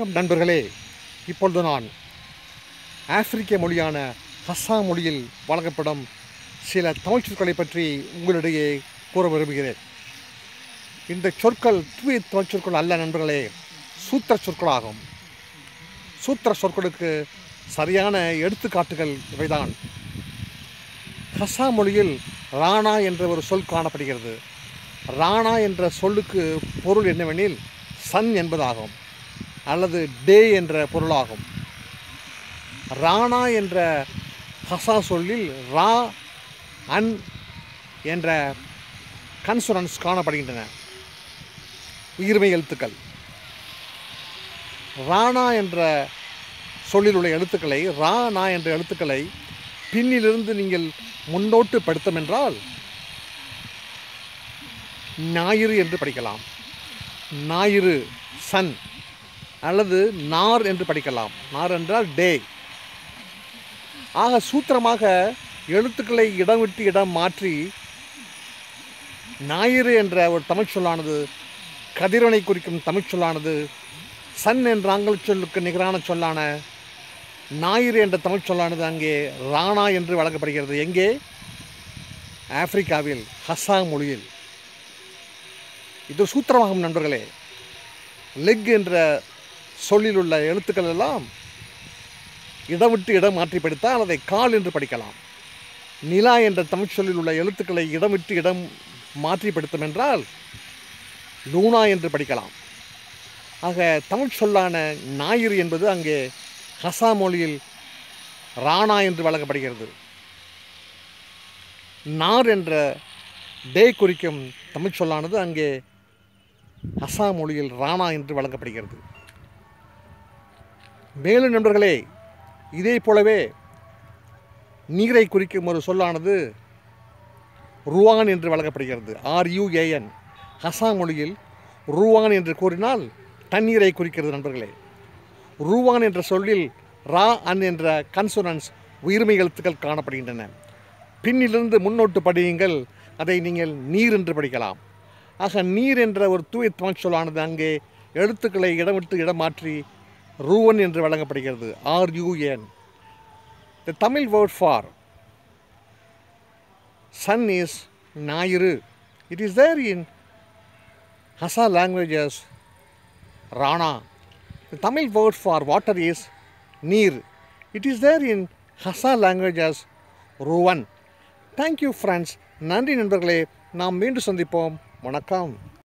வணக்கம் நண்பர்களே இப்பொழுது நான் ஆப்பிரிக்க மொழியான ஹஸ்ஸா மொழியில் வழங்கப்படும் சில தமிழ் சொற்களை பற்றி உங்களிடையே கூற விரும்புகிறேன் இந்த சொற்கள் தூய தமிழ் சொற்கள் அல்ல நண்பர்களே சூத்திர சொற்களாகும் சூத்திர சொற்களுக்கு சரியான எடுத்துக்காட்டுகள் இவைதான் ஹஸ்ஸா மொழியில் ராணா என்ற ஒரு சொல் காணப்படுகிறது ராணா என்ற சொல்லுக்கு பொருள் என்னவெனில் சன் என்பதாகும் அல்லது டே என்ற பொருளாகும் ராணா என்ற ஹசா சொல்லில் ரா அன் என்ற கன்சுரன்ஸ் காணப்படுகின்றன உயிர்மை எழுத்துக்கள் ராணா என்ற சொல்லில் உள்ள எழுத்துக்களை ரா நா என்ற எழுத்துக்களை பின்னிலிருந்து நீங்கள் முன்னோட்டு படுத்தம் என்றால் ஞாயிறு என்று படிக்கலாம் ஞாயிறு சன் அல்லது நார் என்று படிக்கலாம் நார் என்றால் டே ஆக சூத்திரமாக எழுத்துக்களை இடம் விட்டு இடம் மாற்றி ஞாயிறு என்ற ஒரு தமிழ் சொல்லானது கதிரனை குறிக்கும் தமிழ் சொல்லானது சன் என்ற ஆங்கில சொல்லுக்கு நிகரான சொல்லான ஞாயிறு என்ற தமிழ் சொல்லானது அங்கே ராணா என்று வழங்கப்படுகிறது எங்கே ஆப்பிரிக்காவில் ஹசா மொழியில் இது சூத்திரமாகும் நண்பர்களே லெக் என்ற சொல்லிலுள்ள எழுத்துக்கள் எல்லாம் இடவிட்டு இடம் மாற்றி படித்தால் அதை கால் என்று படிக்கலாம் நிலா என்ற தமிழ் சொல்லில் உள்ள எழுத்துக்களை விட்டு இடம் மாற்றி படுத்தும் என்றால் லூனா என்று படிக்கலாம் ஆக தமிழ் சொல்லான ஞாயிறு என்பது அங்கே ஹசா மொழியில் ராணா என்று வழங்கப்படுகிறது நார் என்ற டே குறிக்கும் தமிழ் சொல்லானது அங்கே ஹசா மொழியில் ராணா என்று வழங்கப்படுகிறது மேலும் நண்பர்களே இதே போலவே நீரை குறிக்கும் ஒரு சொல்லானது ருவான் என்று வழங்கப்படுகிறது ஆர்யூஏஎன் அசாம் மொழியில் ரூவான் என்று கூறினால் தண்ணீரை குறிக்கிறது நண்பர்களே ரூவான் என்ற சொல்லில் ரா அன் என்ற கன்சோனன்ஸ் உயிர்மை எழுத்துக்கள் காணப்படுகின்றன பின்னிலிருந்து முன்னோட்டு படியுங்கள் அதை நீங்கள் நீர் என்று படிக்கலாம் ஆக நீர் என்ற ஒரு தூய தமிழ் சொல்லானது அங்கே எழுத்துக்களை இடமிட்டு இடமாற்றி ரூவன் என்று வழங்கப்படுகிறது ஆர்யூஎன் the Tamil word for sun is ஞாயிறு இட் இஸ் தேர் இன் ஹசா லாங்குவேஜஸ் ராணா the Tamil word for water is நீர் இட் இஸ் தேர் இன் ஹசா லாங்குவேஜஸ் ரூவன் தேங்க்யூ ஃப்ரெண்ட்ஸ் நன்றி நண்பர்களே நாம் மீண்டும் சந்திப்போம் வணக்கம்